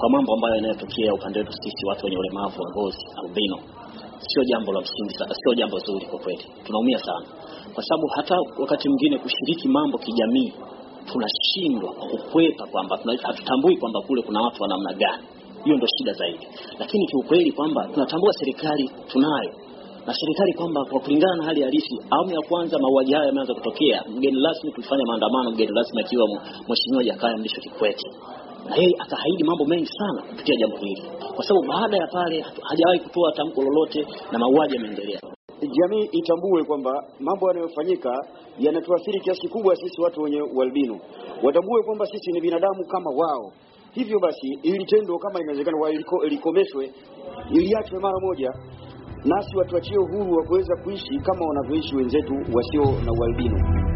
kwa mambo ambayo yanayotokea upande wetu sisi watu wenye ulemavu wa ngozi albino, sio jambo la msingi sana, sio jambo zuri kwa kweli. Tunaumia sana, kwa sababu hata wakati mwingine kushiriki mambo kijamii tunashindwa kwa kukwepa kwamba hatutambui kwamba kule kuna watu wa namna gani. Hiyo ndio shida zaidi, lakini kiukweli kwamba tunatambua serikali tunayo na serikali kwamba kwa kulingana na hali halisi, awamu ya kwanza mauaji haya yameanza kutokea. Mgeni rasmi tulifanya maandamano, mgeni rasmi akiwa Mheshimiwa Jakaya Mrisho Kikwete na yeye akaahidi mambo mengi sana kupitia jambo hili, kwa sababu baada ya pale hajawahi kutoa tamko lolote na mauaji yameendelea. Jamii itambue kwamba mambo yanayofanyika yanatuathiri kiasi kikubwa sisi watu wenye ualbino, watambue kwamba sisi ni binadamu kama wao. Hivyo basi, ili tendo kama inawezekana likomeshwe, iliachwe mara moja, nasi watuachie uhuru wa kuweza kuishi kama wanavyoishi wenzetu wasio na ualbino.